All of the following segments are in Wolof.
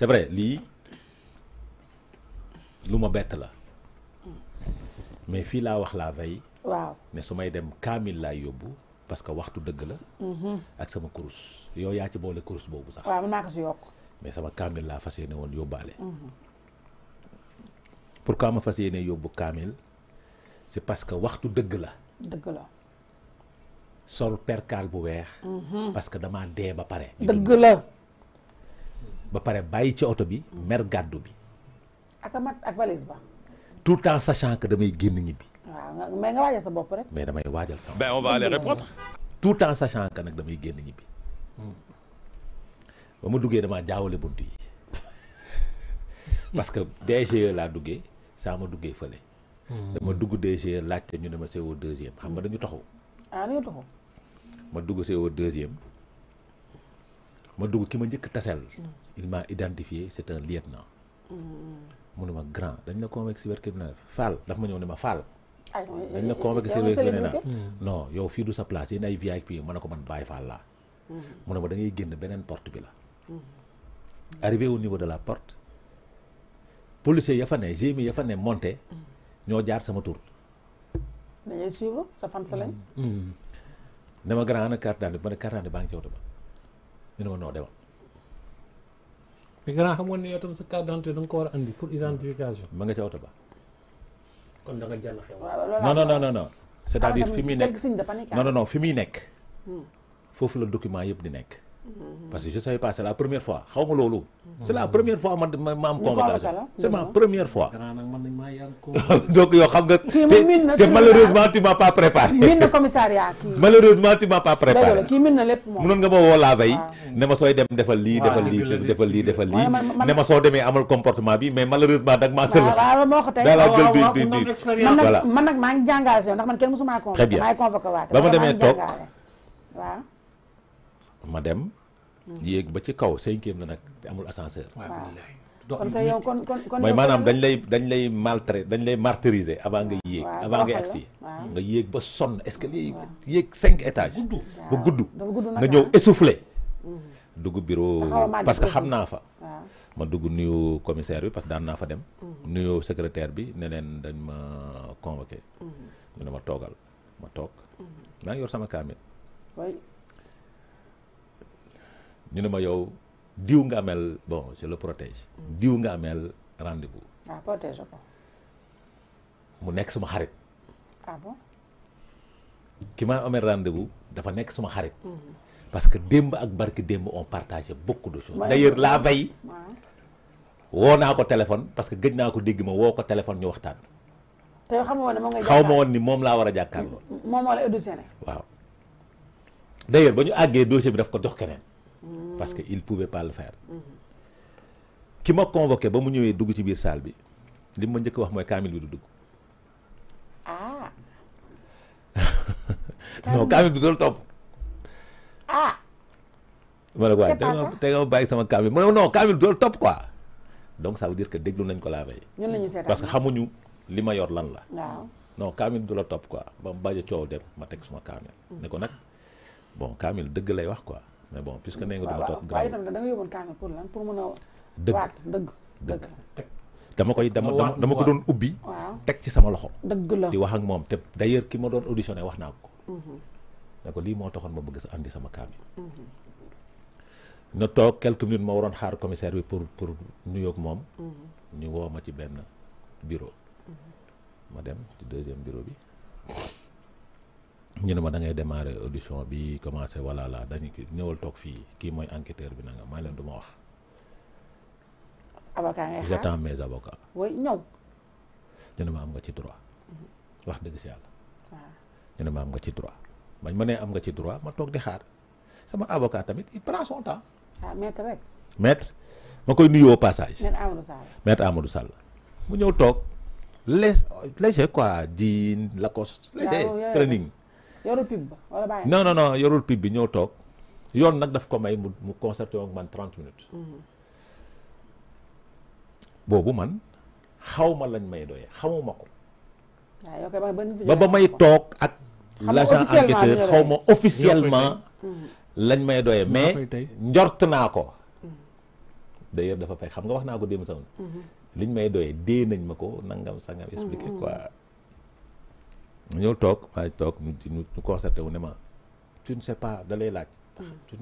c'est vrai li luma ma bett la mais fi la wax la veille. waaw Mais sumay dem kamil la yobbu parce que waxtu deug la. Mhm. ak sama course. Yo ya ci boole course bobu sax. waaw mën naa ko si mais sama kaamil laa fas yéene woon yóbbaale. Mhm. pourquoi ma fas yobbu kamil? c'est parce que waxtu deug la. Deug la. sol perkaal bu weex. Mhm. parce que dama dé ba paré. Deug la ba pare bàyyi ci auto bi mer gàddu bi. ak mat ak valise ba. tout temps sachant que damay guen ñibbi. waaw mais nga waajal sa bop rek. mais damay wajal sa ben on va aller répondre. tout temps sachant que nak damay guen ñibbi. ba ma duggé dama jaawale buntu yi parce que DGE la duggé saa ma duggé feulé dama dugg DGE laajte ñu dama ma CO deuxième xam nga dañu taxaw. ah dañu taxaw. ma dugg CO deuxième ma dugg ki ma ñëk tassel mm. il m'a identifié c'est un lieutenant. Mm. mu ne ma grand dañ la convoqué si cybercriminel Fall daf ma ñëw ne ma Fall. dañ la convoqué si cybercriminel non yow fi du sa place yéen ay VIP ma ne ko man bay Fall la mm. mu ne ma da ngay génn beneen porte bi la. arrivé au niveau de la porte. policier ya fa ne gémi ya fa né monté. ñoo jaar sama tur. dañuy suivre sa fan sa lañ. ne ma grand ana carte d'identité ba carte d'identité baa ci oto ñu ne ma noo demal mais gannaaw xam nga ne yow tam sa carte d'identité ko war a andi pour identification. ma nga ca oto ba. kon da nga jàll xew. non non non non c'est-à-dire ah, ah. fi muy nekk non non no fi muy nekk. foofu la document yëpp di nekk. Mm-hmm. parce que je savais pas c'est la première fois xaw ma loolu. Mm-hmm. c'est la première fois ma ma ma am convocation c'est ma première fois. donc yow xam nga. te malheureusement tu m'as pas préparé. min na commissariat kii. malheureusement tu m'as pas préparé. dëgg kii min na lépp moom. mënoon nga ma woo laa bay. ne ma sooy dem defal lii defal lii defal lii defal lii. ne ma soo demee amal comportement bi mais malheureusement dag maa sël. waaw moo ko tey waaw waaw man nag maa ngi jàngaase yow ndax ma demee ma dem yéeg ba ci kaw cinquième la nag te amul ascenseur. dañ lay dañ lay maltraiter dañ lay martyriser avant nga yéeg avant nga agsi nga yéeg ba sonn escalier yéeg cinq étages ba gudd nga ñëw essoufflé mm-hmm. dugg bureau parce que xam naa fa ma dugg nuyu commissaire bi parce que daan naa fa dem mm-hmm. nuyu secrétaire bi ne leen dañ ma convoqué ñu mm-hmm. ne ma toogal ma toog maa yor sama kaamil ñu ne ma yow diw nga amel bon je le protège diw nga amel rendez-vous ah protège ko mu nek suma xarit ah bon ki ma amel rendez-vous dafa nek suma xarit mm -hmm. parce que demb ak barki demb on partage beaucoup de choses d'ailleurs la veille woo naa ko téléphone parce que gëj naa ko dégg ma wo ko téléphone ñu waxtaan tay xam won woon ne ngay xaw mo won ni mom la wara a mom mo la édu auditionné waaw d'ailleurs bañu aggé dossier bi daf ko dox keneen parce qu'il pouvait pas le faire Qui mm-hmm. ma convoqué ba mu ñëwee dugg ci biir salle bi li ma njëkk wax mooy kaamil bi du dugg ah non kaamil bi top. ah Voilà quoi. ko waaye te nga bàyyi sama kaamil mu ne non kaamil bi top quoi donc ça veut dire que déglu nañ ko laa bay ñun lañu seetaan parce que xamuñu li ma yor lan la waaw non kaamil du top quoi ba mu bañ a coow dem ma teg suma kaamil mm. ne ko nag bon kaamil dëgg lay wax quoi mais bon puisque nee dama tok grand waaye tamit da nga yóbboon kaamil pour lan pour meuna deug deug deug dëgg dama koy dama dama ko don ubi tek ci sama loxo. dëgg la di wax ak mom te d'ailleurs ki ma don auditioner wax nako ko. Mm-hmm. ne ko li mo taxone ma bëgg sa andi sama kaamil. Mm-hmm. na tok quelques minutes ma waron xaar commissaire bi pour pour nuyoog moom. Mm-hmm. ñu woo ma ci ben bureau. ma dem ci deuxième bureau bi ñu ne ma da ngay démarrer audition bi commencé wala la dañu ñëwal toog fii kii mooy enquêteur bi nanga maa leen du ma wax. avocat ngay xaar j'attends mes avocats. oui ñëw. ñu ne ma am nga ci droit. Mm-hmm. wax dëgg si yàlla. waaw ñu ne ma am nga ci droit bañ ma nee am nga ci droit ma toog di xaar sama avocat tamit il prend son temps. ah maître rek. maître ma koy nuyoo passage. maître Amadou Sall maître Amadou Sall mu ñëw toog les léger quoi jean lacoste. léger training. yorul pib ba wala bàyyi yorul pib bi ñëw toog yoon nag daf ko may mu mu concerté woon man 30 minutes. Mm-hmm. boobu man xaw ma lañ may doyee xamuma ko. ba ba may toog ak. l'agent enquêteur xaw ma officiellement. Mm-hmm. lañ may doyee mais njort naa ko. Mm-hmm. d'ailleurs dafa fay xam nga wax naa ko démb sax liñ may doyee dee nañ ma ko nangam sangam expliqué quoi. Nous toog waaye nous tu ne sais pas de hmm. là tu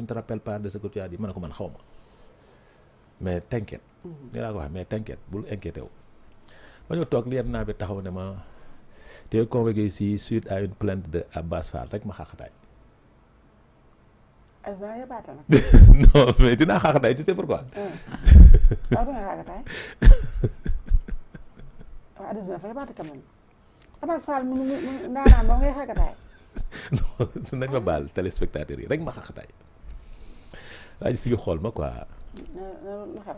ne te rappelles pas de ce que tu as dit Je ne mais t'inquiète. Hmm. mais t'inquiète ne t'inquiète pas. Nous tu es ici suite à une plainte de Abbas Fall rek ma pas. Ah, non mais tu sais pourquoi. pas. Hmm. Abass Fall mu mu naanaan ba ngay xaqataay. non nañ ma baal téléspectateur yi ya. rek ma xaqataay waaye suñu xool ma quoi. Eh, eh,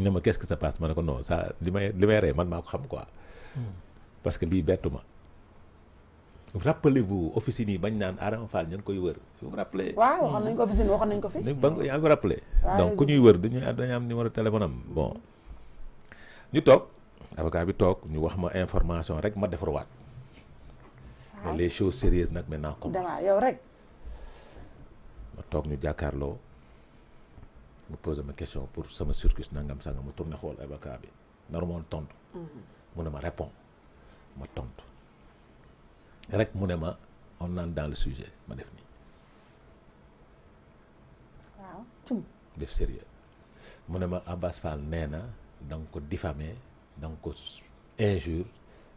ne ma qu'est-ce que ça passe ma ne ko non ça li may li may ree man maa ko xam quoi. parce que lii bettu ma. rappelez-vous officine yi bañ naan Adama Fall ñu koy wër. vous vous rappelez. waaw waxoon nañ ko officine waxoon nañ ko fi. ba nga yaa ngi rappelé. donc ku ñuy wër dañuy dañuy am numéro téléphone am bon. ñu toog avocat bi toog ñu wax ma information rek ma defarwaat. mais les choses sérieuses nak maintenant commence yow rek ma toog ñu jàkkaarloo mu posé ma question pour sama circuit nangam sangam mu tourner xol avocat bi Normal moon tontu mhm. mu ne ma répond ma tontu rek mu ne ma on naan dans le sujet ma def ni. waaw cum def sérieux mu ne ma Abass Fall néna na da nga ko diffamé da ko injure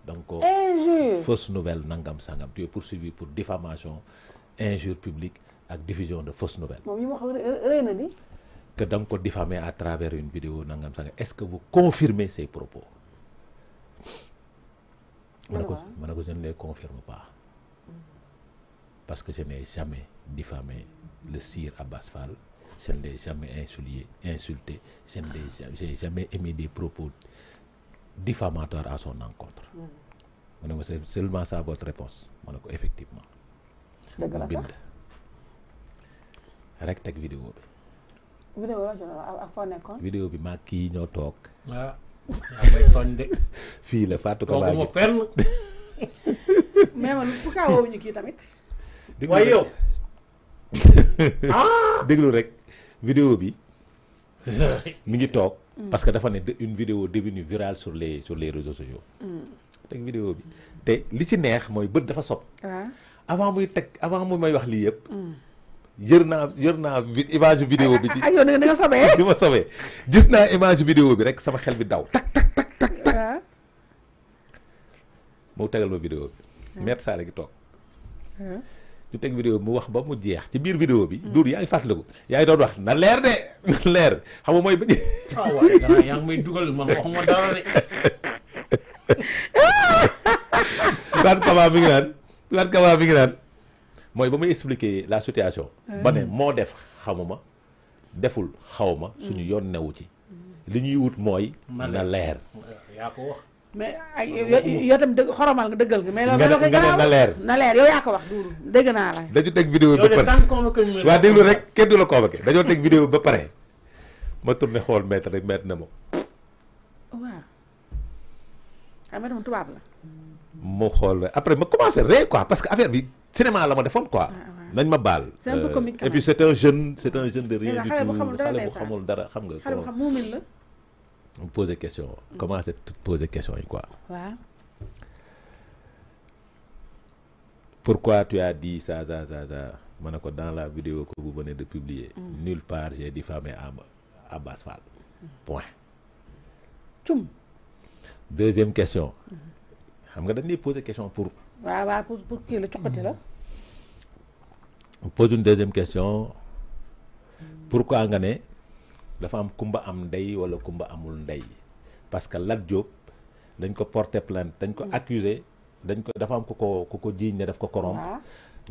donc euh, fausse nouvelle nangam sangam tu es poursuivi pour diffamation injure publique et diffusion de fausses nouvelles. que donc pour diffamé à travers une vidéo nangam sangam est-ce que vous confirmez ces propos je ne les confirme pas parce que je n'ai jamais diffamé le sire à Fall je ne jamais insulté, insulté je n'ai jamais émis des propos diffamateur à son encontre. mu mm. ne ma c'est seulement ça votre réponse ma ne ko effectivement. dëgg teg vidéo bi. vidéo bi maa kii ñoo toog. Ah, la fàttu ko baa ngi fenn. mais ah! ngi toog. Mm. parce que dafa né une vidéo devenue virale sur les sur les réseaux sociaux. Mm. teg vidéo bi te li ci neex moy beut dafa sob avant muy tek avant muy may wax li yépp mm. yër naa image vidéo bi. ci yow nga sobee di ma sobee gis naa image vidéo bi rek sama xel bi daw. tak tak tak tak tak. moo tegal ma vidéo bi. maître Sall gi toog. ñu teg vidéo bi mu wax ba mu jeex ci biir vidéo bi. duur yaa ngi fàttaliku. yaa ngi doon wax na leer de na leer xam nga mooy. waaw ah, waaye gannaaw yaa ngi may naan mooy ba muy expliquer la situation. Hmm. ba ne moo def xamuma deful xawma suñu yoon newu ci. li ñuy wut mooy. na leer mais ay yoo itam dëgg xoromal nga dëggal nga mais loolu nga ne na leer na leer yow yaa ko wax duuru dégg naa la dañu teg vidéo ba pare waa déglu rek kenn du la convoqué dañoo teg vidéo ba pare ma tourné xool maître rek maître na ma waaw xam nga moom tubaab la mu xool après ma commencé ree quoi parce ma defoon quoi ah, nañ ma baal euh, et c'est un jeune c'est un jeune de rien eh, du tout xale bu xamul dara xam nga xale bu xam la pose pose question mm. c'est? tout poser question et quoi. pourquoi tu as dit ça ça ça ça dans la vidéo que vous venez de publier. Mm. nulle part j'ai diffamé Abbas Fall. Mm. point. Tchoum. deuxième question. Mm-hmm. xam pose des question pour. pour pour mm-hmm. on pose une deuxième question. pourquoi en dafa am kumba am ndey wala kumba amul ndey parce que Lat Diop dañ ko porter plainte dañ ko mm. accuser dañ ko dafa am ku ko ku ko jiiñ ne daf ko corrompre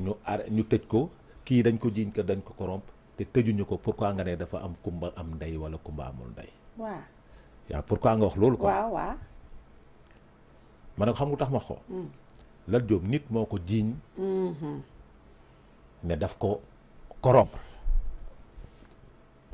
ñu ar ñu tëj ko kii dañ ko jiiñ que dañ ko corrompre te tëjuñu ko pourquoi nga ne dafa am kumba am ndey wala kumba amul ndey waaw waaw pourquoi nga wax loolu quoi waaw waaw ma ne xam nga tax ma xoo mm. Lat Diop nit moo ko jiiñ mm-hmm. ne daf ko corrompre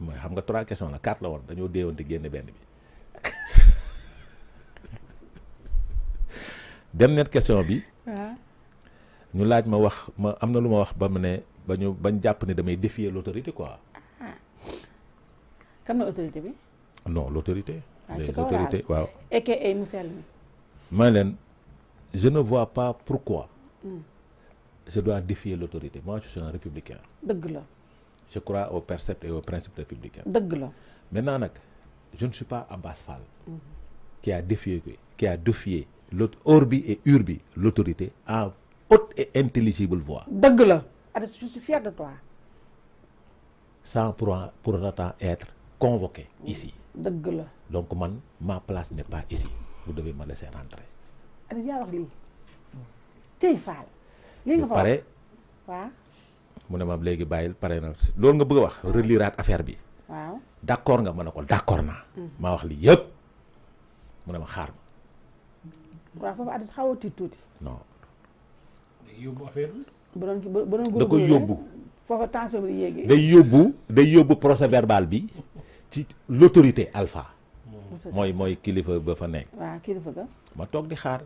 mooy xam nga trois questions la quatre la woon dañoo déewante génne benn bi net question bi. ñu laaj ma wax ma am na lu ma wax ba mu ne ba ñu bañ jàpp ne damay défier l' autorité quoi. Ah. kan la autorité bi. non l'autorité, autorité. Ah, les autorités waaw. et que ay musel mi. ma leen je ne vois pas pourquoi. Hmm. je dois défier l'autorité. moi je suis un républicain. dëgg la je crois au percept et au principe républicain. maintenant je ne suis pas Abbas Fall. Mhm. qui a défié qui a défié l'autre orbi et urbi l'autorité en haute et intelligible voix. D'accord. je suis fier de toi. sans pour autant être convoqué ici. D'accord. donc ma place n'est pas ici vous devez me laisser rentrer. Alors wax tey Fall. li nga mu ne ma léegi bàyyil pare na loolu nga bëgg a wax reliraat affaire bi. waaw d' accord nga ma ne ko d' accord naa. Mm. maa wax lii yëpp mu ne ma xaar ma. waaw foofu Aziz xaw a tiit tuuti. non. day yóbbu day yóbbu day yóbbu bi ci l' alpha. mooy mooy kilifa ba fa nekk. waaw kilifa ga. ma toog di xaar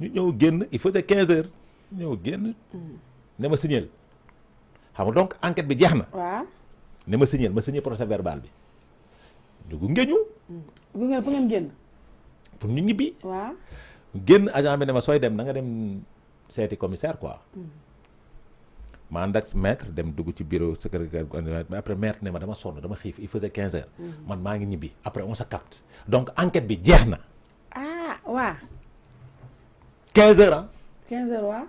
ñu ñëw génn il faisait quinze heures ñëw génn. Mm. ne ma signal. xam donc enquête bi jeex na. waaw ne ma signer ma signer procès verbal bi. ñu ngeñu bu mm. ngeen bu ngeen genn pour ñu ñibbi. wa genn agent bi ne ma soy dem na nga dem séti commissaire quoi. Mm. mandax maître dem dugg ci bureau secrétaire mais après maître ne ma dama sonu dama xif il faisait 15 heures. Mm. man ma ngi ñibi après on se capte donc enquête bi jeex na. ah wa 15 heures ah. 15 heures wa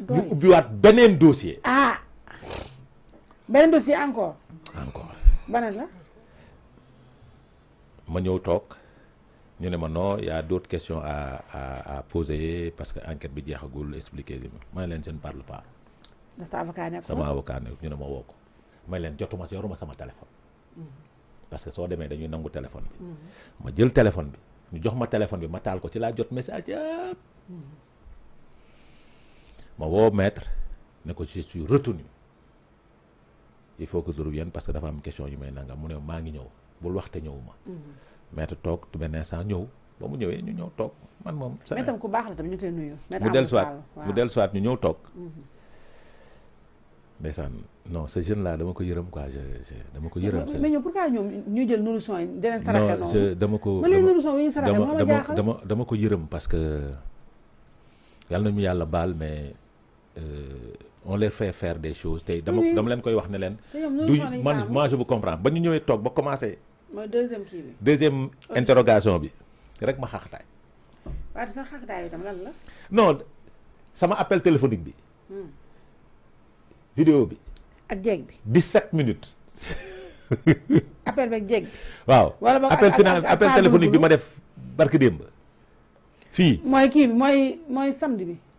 Vous ubbiwaat beneen dossier. ah dossier encore. encore ban la. ma ñu suis y' a d'autres questions à à poser parce que l'enquête bi je expliquer je ne parle pas. C'est sa avocat Je sama avocat ne ma ma téléphone. Mm-hmm. parce que soo demee dañuy téléphone Je mm-hmm. ma jël téléphone bi ñu jox téléphone je ma ko ci jot message ma maître ne je suis retenu il faut que je revienne parce que dafa am question yu may nangam ne ngi ñew bul mm-hmm. maître tok tu benn instant ñew ba mu ñewé ñu ñew tok man mom sa ku baax la tam ñu koy nuyu. mu mu ñu mm-hmm. non ce jeune là dama ko quoi je je dama ko mais pourquoi ñu jël dama ko. dama dama ko parce que yalla ñu yalla baal mais. Euh, on les fait faire des choses tey dama dama leen koy wax ne leen man moi je vous comprends ba ñu ñëwee toog ba commencé deuxième kii bi deuxième interrogation bi rek ma xaxataay waaw sa xaxataay itam lan la non sama appel téléphonique bi Hmm. vidéo bi ak jeeg bi 17 minutes appel beeg jeeg bi waaw wala appel final appel téléphonique bi ma def barki démb fii mooy kii bi mooy samedi bi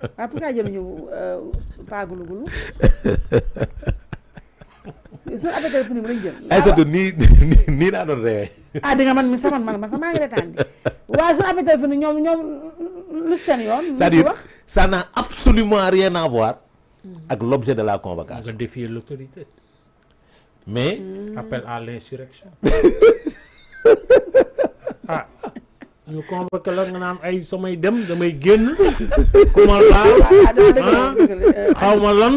waaw pourquoi jëluñu euh, paagulugulu suñu appel téléphone yi mu lañ jël. Aïssatou nii nii nii laa doon reewee. ah di man mi sama man ma sama maa ngi retaan di waaye suñu appel téléphone yi ñoom ñoom lu seen yoon. lu ci wax ça n'a absolument rien à voir. ak l'objet de la convocation. nga défier l'autorité. mais. appel à l'insurrection ah. ñu convoqué la nga naan ay samay dem damay génn ku ma laal ah, ah, xaw ma lan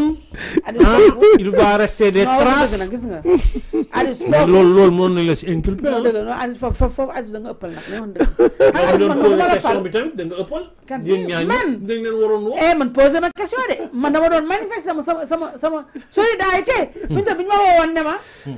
ah, il va rester des traces loolu loolu mën nañ la si inculpé Aziz foofu foofu nag bi tamit da nga ëppal yéen ñaa man dañ leen waroon wax eh man ma question de man dama doon manifester sama sama sama sama solidarité hmm. buñu ta bi ñu ma woowoon ne ma hmm.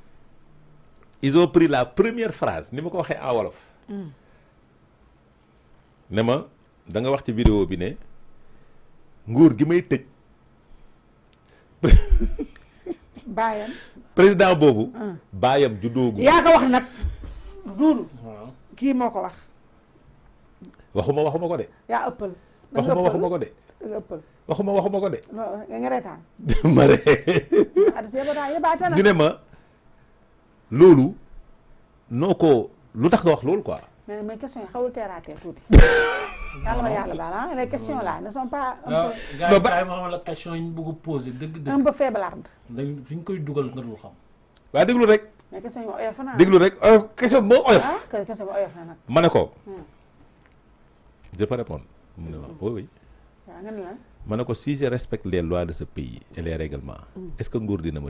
ils ont pris la première phrase ni ko la wolof. Hmm. ma da nga vidéo bi ne gi président boobu. Hmm. baayam juddoogu. yaa ko wax wax. waxuma waxuma de. waxuma de. il ma ree. ñu L'Olou non, lutax quoi. mais mais question xawul dire nous yalla nous les questions là ne sont pas. Ah, non gars nous la question un peu koy nga xam. wa rek. mais question oyof rek question ah question hmm. je peux répondre. Hmm. oui oui. si je respecte les lois de ce pays et les règlements. Hmm. est-ce que ngour dina ma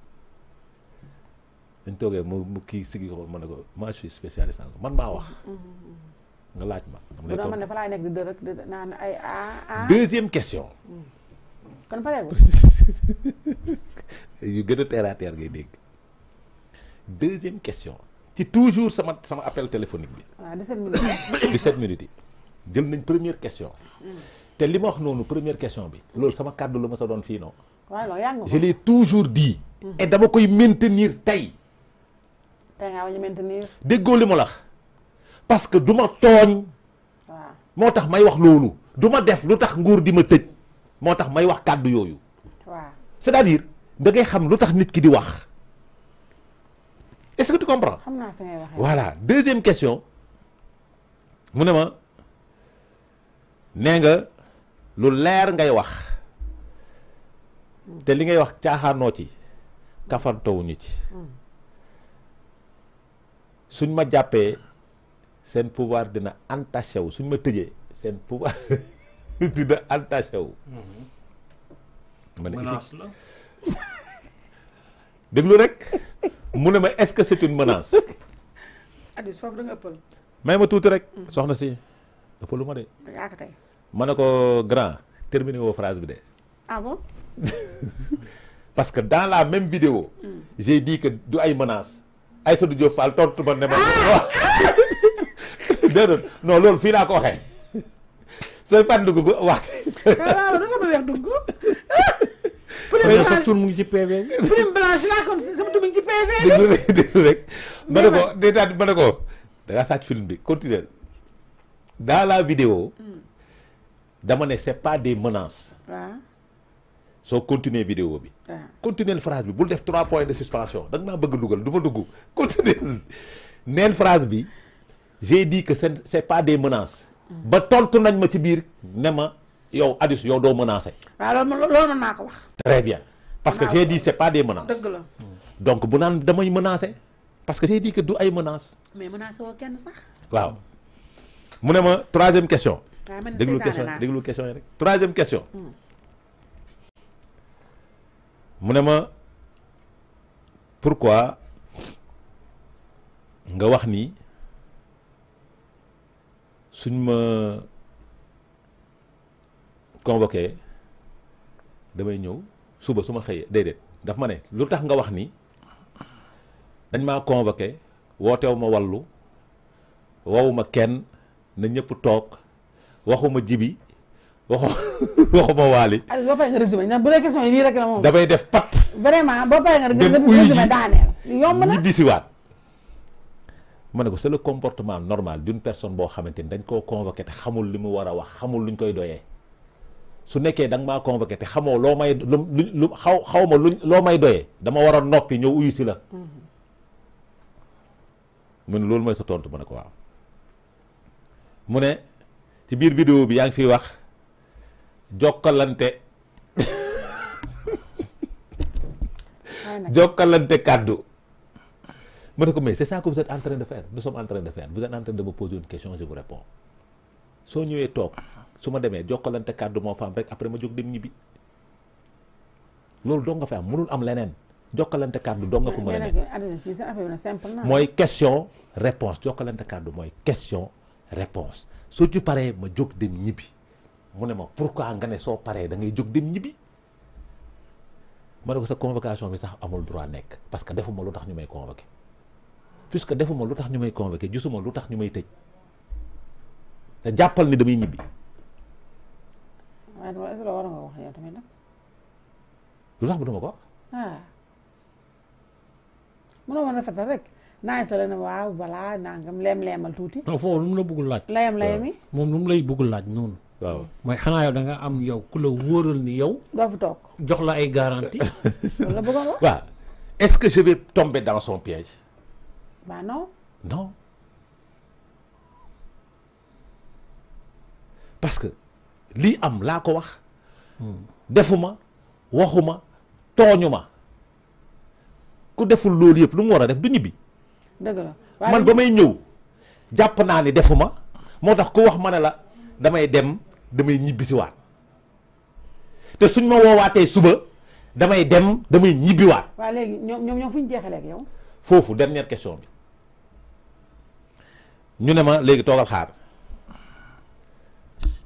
bi ñu toogee mu mu kii sigi ko ma ne ko moi je suis spécialiste man maa wax. Mm-hmm, mm-hmm. nga laaj ma. bu doon man ne fa laay nekk di dërëk di naan ay ah deuxième question. Mm. kon pareegul. yu gën a terre à terre ngay dégg. deuxième question. ci toujours sama sama appel téléphonique bi. waaw 17 minutes. 17 minutes yi. jël nañ première question. Mm. te li ma wax noonu première question bi. loolu sama kàddu la ma sa doon fii non. waaw je l'ai toujours dit. Mm-hmm. et dama koy maintenir tey. déggoo li ma la parce que du ma tooñ. moo tax may wax loolu duma def lu tax nguur di ma tëj moo tax may wax kàddu yooyu. waaw c'est-à-dire da ngay xam lu tax nit ki di wax est-ce que tu comprends. xam naa fi voilà deuxième question mu ne ma nee nga lu leer ngay wax te li ngay wax caaxaanoo ci kafantawuñu ci. Hmm. suñ ma jàppee seen pouvoir dina entaché wu suñ ma tëjee seen pouvoir dina entaché wu. Mm-hmm. ma ne menace la. rek mu ne ma est-ce que c'est une menace. adi soof da nga ëppal. may ma tuuti rek. Mm. soxna si lu ma de. ma ne ko grand terminé woo phrase bi de. Ah parce que dans la même vidéo. Mm. j'ai dit que du ay menace. Aïssatou Diop Fall tontu ma ne ma. Ah! déedéet non loolu fii laa ko waxee sooy fan dugg bu wax. Ah, waaw laa kon sama tur mu ci PV bi. déglu rek déglu ko déetaan ma ne ko da ngaa film bi continuer dans la vidéo hmm. dama c'est pas des menaces. So continuer vidéo bi. waaw ah. continuer phrase bi bul def trois points de suspension da nga bëgg duggal duma ma dugg continuer neel phrase bi j'ai dit que c'est c'est pas des menaces. Mm. ba tontu nañ ma ci bir nema yow Addis yow do menacer waaw loolu loolu mën ko wax. très bien parce que j'ai dit c'est pas des menaces. dëgg la donc bu nan damay menacer parce que j'ai dit que du ay menaces. mais menacer wo kenn sax. waaw mu ne ma troisième question. déglu question déglu question rek troisième question. Hmm. mu ne ma pour pourquoi nga wax nii suñ ma convoqué damay ñëw suba su ma xëyee déedéet daf ma ne lu tax nga wax ni dañ maa convoqué wooteew ma wallu woowu ma kenn na ñëpp toog waxuma jibi waxu ma waali. Aliou boo paree nga résumé bu dee question yi lii rek la moom. damay def pat. vraiment boo paree nga résumé daaneel. yomb na ñibbisiwaat. ma ne ko c'est le comportement normal d'une personne boo xamante ni dañ koo convoqué xamul li mu war a wax xamul lu ñu koy doyee su nekkee da nga maa convoqué te xamoo loo may lu lu xaw xaw ma luñ loo may doyee dama war a noppi ñëw uyu si la. Mm-hmm. mu ne loolu mooy sa tontu ma ne ko waaw. mu ne ci biir vidéo bi yaa ngi fiy wax. jokkalante jokkalante cadeau. Je mais c'est ça que vous êtes en train de faire nous sommes en train de faire vous êtes en train de me poser une question je vous réponds soo ñëwee toog su ma demee jokkalante kàddu moo rek après ma jóg dem ñibbi loolu doo nga fa am mënul am leneen jokkalante kàddu do nga fa mëna moy question réponse jokkalante kàddu moy question réponse soo ci paree ma jóg dem ñibi mu ne ma pourquoi nga ne soo paree da ngay jóg dem ñibbi ma ko sa convocation bi sax amul droit nekk parce que defuma lu tax ñu may convoqué puisque defuma lu tax ñu may convoqué gisuma lu tax ñu may tëj te jàppal ni damay ñibbi. waaw wax yow tamit nag. lu tax bu duma ko ah. munoo mën a fetal rek. naa sa la ne waaw balaa nangam leem leemal tuuti. non foofu lu mu la bëgg laaj. layam layami moom lu mu lay buggul laaj noonu. waaw mooy xanaa yow da nga am yow ku la wóoral ni yow. doo fi toog jox la ay garantie. la bëggoon wax waaw est-ce que je vais tomber dans son piège. bah non. non parce que lii am laa ko wax. Hmm. defuma waxuma tooñuma ku deful loolu yëpp lu mu war a def du ñibbi. dëgg la man ba may ñëw jàpp naa ni defuma moo tax ku wax ma ne la damay dem. damay ñibbisiwaat te suñ ma woowaatee suba damay dem damay ñibbiwaat. waaw léegi ñoom ñoom ñoom fu ñu jeexalee ak yow. foofu den dernière question bi ñu ne ma léegi toogal xaar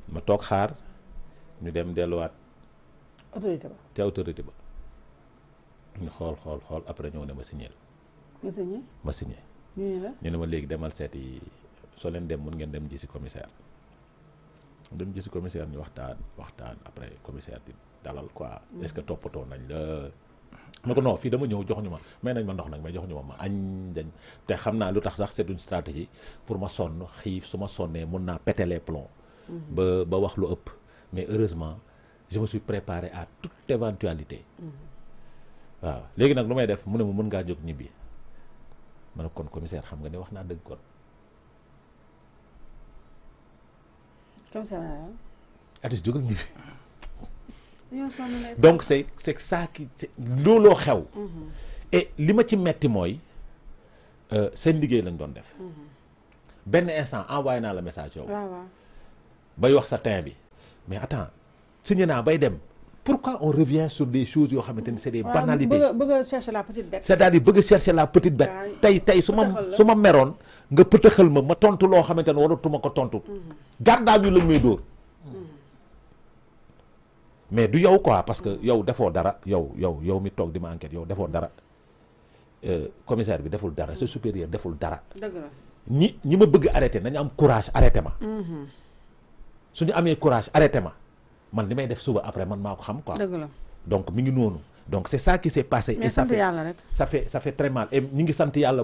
ma toog xaar ñu dem delluwaat. autorité ba ca autorité ba ñu xool xool xool après ñëw ne ma signé la. ma signé ñu ne ñu ne ma léegi demal seeti soo leen dem mun ngeen dem ji si commissaire. dem gis commissaire ni waxtaan waxtaan après commissaire di dalal quoi mm. est ce que topoto nañ la ma ko non fi dama ñew jox ñuma ma may nañ ma ndox nak may jox ñuma ma ma añ dañ te xamna lutax lu sax c'est une stratégie pour ma sonn xif suma ma mën mun péter les plombs mm-hmm. ba ba wax lu ëpp mais heureusement je me suis préparé à toute éventualité mm-hmm. waaw légui nak lu may def mu ne ma mën nga jox ñibi ma kon commissaire xam nga ne wax naa kon Hein. donc c'est c'est ça qui c'est xew mm-hmm. et li ma ci metti euh, lañ doon def mm-hmm. instant envoyé le message bay wax sa mais attends bay dem pourquoi on revient sur des choses yo c'est des banalités chercher la petite bête c'est-à-dire bëgg chercher la petite bête ma ma garde à vue mais du quoi parce que dara enquête commissaire supérieur deful dara. ni ni ma arrêter, courage arrêtez ma. Mm-hmm. Si vous courage arrêtez ma man de def après donc donc c'est ça qui s'est passé. et ça fait ça fait très mal et nous ngi à la